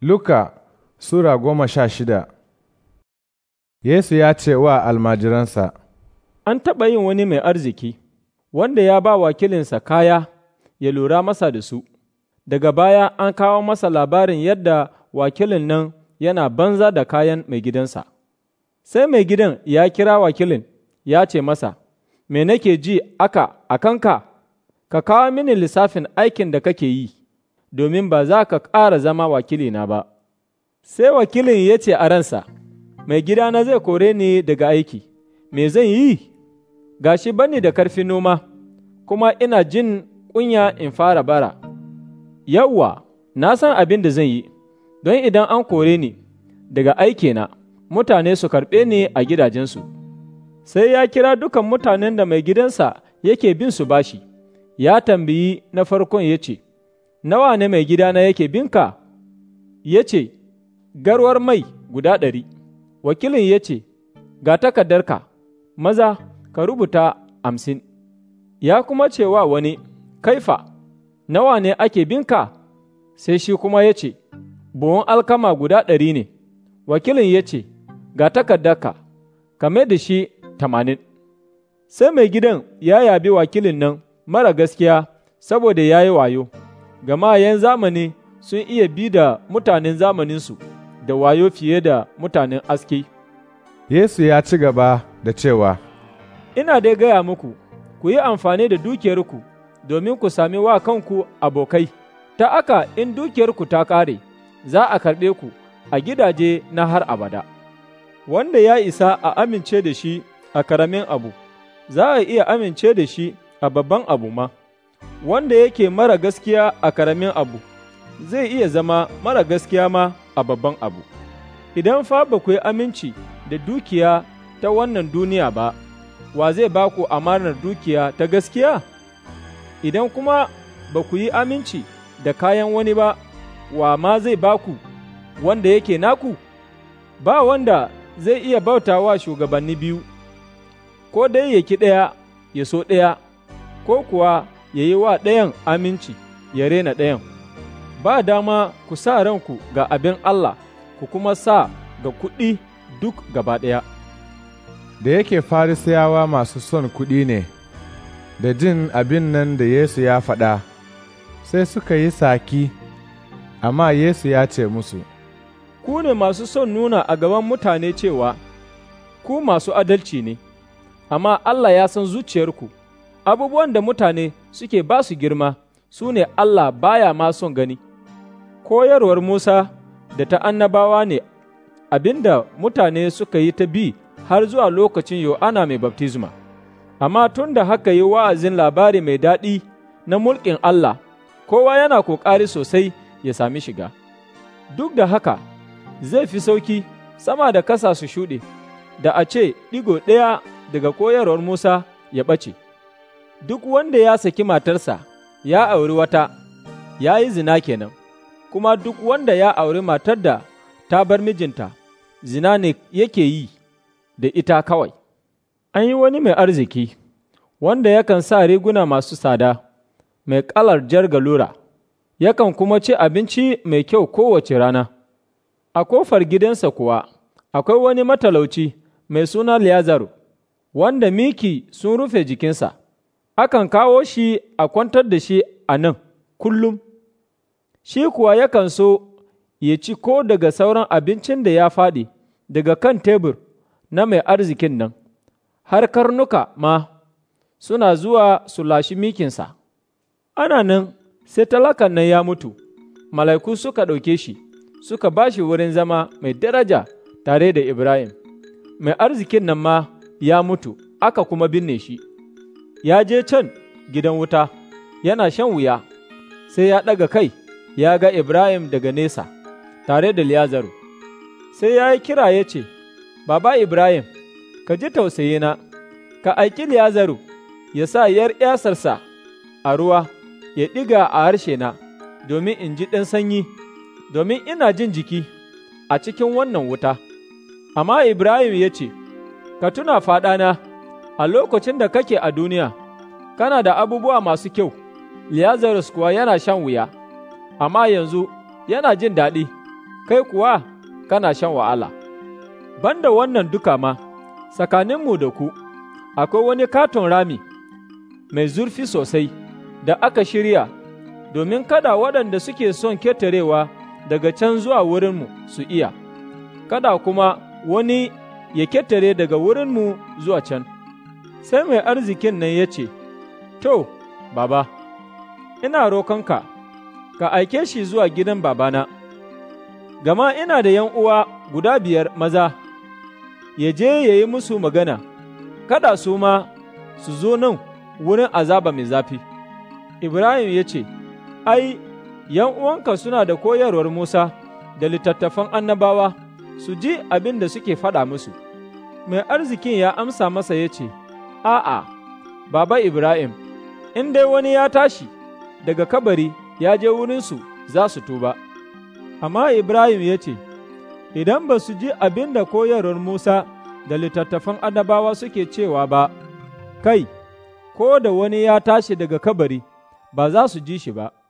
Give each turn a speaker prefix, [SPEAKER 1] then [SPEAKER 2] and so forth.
[SPEAKER 1] Luka Sura goma sha shida Yesu ya ce wa almajiransa, An taɓa yin wani mai arziki, wanda ya ba wakilinsa kaya ya lura masa da su, daga baya an kawo masa labarin yadda wakilin nan yana banza da kayan mai gidansa. Sai mai gidan ya kira wakilin ya ce masa, Me nake ji aka a kanka, ka kawo mini lissafin aikin da kake yi. domin ba za ka ƙara zama wakilina ba. Sai wakilin ya ce a ransa, Mai gidana zai kore ni daga aiki, me zan yi? Gashi bani da karfin noma, kuma ina jin kunya in fara bara. Yawwa, na san abin da zan yi, don idan an kore ni daga aikina, mutane su karɓe ni a gidajensu. Sai ya kira dukan mutanen da mai gidansa yake bin su bashi, ya tambayi na farkon ya ce, nawa ne mai gidana yake binka? Ya ce, garwar mai guda ɗari. Wakilin ya ce, ga takardarka, maza ka rubuta amsin. Ya kuma ce wa wani, kaifa, nawa ne ake binka? Sai shi kuma ya ce, buhun alkama guda ɗari ne. Wakilin ya ce, ga takardarka, kame da shi tamanin. Sai mai gidan ya yabi wakilin nan mara gaskiya saboda ya yi wayo. gama yan zamani sun iya bi da mutanen zamaninsu da wayo fiye da mutanen aski. Yesu ya ci gaba da cewa, Ina dai gaya muku, ku yi amfani da dukiyarku domin ku sami wa kanku abokai, ta aka in dukiyarku ta kare za a karɓe ku a gidaje na har abada. Wanda ya isa a amince da shi a karamin abu, za a iya amince da shi a babban abu ma. wanda yake mara gaskiya a karamin abu, zai iya zama mara gaskiya ma a babban abu. Idan fa ba ku yi aminci da dukiya ta wannan duniya ba, wa zai ba ku amanar dukiya ta gaskiya? Idan kuma ba ku yi aminci da kayan wani ba, wa ma zai ba ku wanda yake naku? Ba wanda zai iya bauta wa shugabanni biyu, ko dai yaki ɗaya ya so ɗaya, ko kuwa ya yi wa ɗayan aminci, ya rena ɗayan. Ba dama ku sa ranku ga abin Allah, ku kuma sa ga kuɗi duk gaba ɗaya. Da yake farisiyawa masu son kuɗi ne, da jin abin nan da Yesu ya faɗa, sai suka yi saki, amma Yesu ya ce musu, Ku ne masu son nuna a gaban mutane cewa, ku masu adalci ne, amma Allah ya san zuciyarku. abubuwan da mutane suke ba su girma su ne Allah baya ma son gani. Koyarwar Musa da ta annabawa ne abinda mutane suka yi ta bi har zuwa lokacin Yohana mai baptisma. Amma tun da haka yi wa'azin labari mai daɗi na mulkin Allah, kowa yana ƙoƙari sosai ya sami shiga. Duk da haka, zai fi sauki sama da kasa su shuɗe, da a ce ɗigo ɗaya daga koyarwar Musa ya ɓace. duk wanda ya saki matarsa ya auri wata, ya yi zina kenan, kuma duk wanda ya auri matar da ta bar mijinta, zina ne yake yi da ita kawai. An yi wani mai arziki, wanda yakan sa riguna masu tsada, mai ƙalar jar galura, yakan kuma ci abinci mai kyau kowace rana. A kofar gidansa kuwa, akwai wani matalauci mai suna Liyazaru, wanda miki sun rufe jikinsa. akan kawo shi a kwantar da shi a nan kullum, shi kuwa yakan so ya ci ko daga sauran abincin da ya faɗi daga kan tebur na mai arzikin nan, har karnuka ma suna zuwa su lashi mikinsa. Ana nan sai talakan nan ya mutu, mala'iku suka ɗauke shi, suka ba shi wurin zama mai daraja tare da Ibrahim, mai arzikin nan ma ya mutu, aka kuma binne shi. ya je can gidan wuta, yana shan wuya, sai ya ɗaga kai ya ga Ibrahim daga nesa, tare da Liyazaru. Sai ya yi kira ya ce, Baba Ibrahim, ka ji tausayina, ka aiki Liyazaru, ya sa yar ’yasarsa a ruwa, ya ɗiga a harshe na domin in ji ɗan sanyi, domin ina jin jiki a cikin wannan wuta. Amma Ibrahim ya ce, Ka tuna faɗana. a lokacin da kake a duniya, kana da abubuwa masu kyau, Lazarus kuwa yana shan wuya, amma yanzu yana jin daɗi, kai kuwa kana shan wa'ala. Banda wannan duka ma, tsakaninmu da ku, akwai wani katon rami mai zurfi sosai da aka shirya domin kada waɗanda suke son ketarewa daga can zuwa wurinmu su iya, kada kuma wani ya ketare daga wurinmu zuwa can. sai mai arzikin nan ya ce, To, baba, ina rokonka, ka aike shi zuwa gidan babana, gama ina da ’yan uwa guda biyar maza, ya je ya yi musu magana, kada su ma su zo nan wurin azaba mai zafi. Ibrahim ya ce, Ai, ’yan uwanka suna da koyarwar Musa da littattafan annabawa, su ji abin da suke faɗa musu. Mai arzikin ya amsa masa ya ce, A'a, Baba Ibrahim, in dai wani ya tashi daga kabari ya je wurinsu za su tuba. Amma Ibrahim ya ce, Idan ba su ji abin da koyarwar Musa da littattafan annabawa suke cewa ba, kai, ko da wani ya tashi daga kabari, ba za su ji shi ba.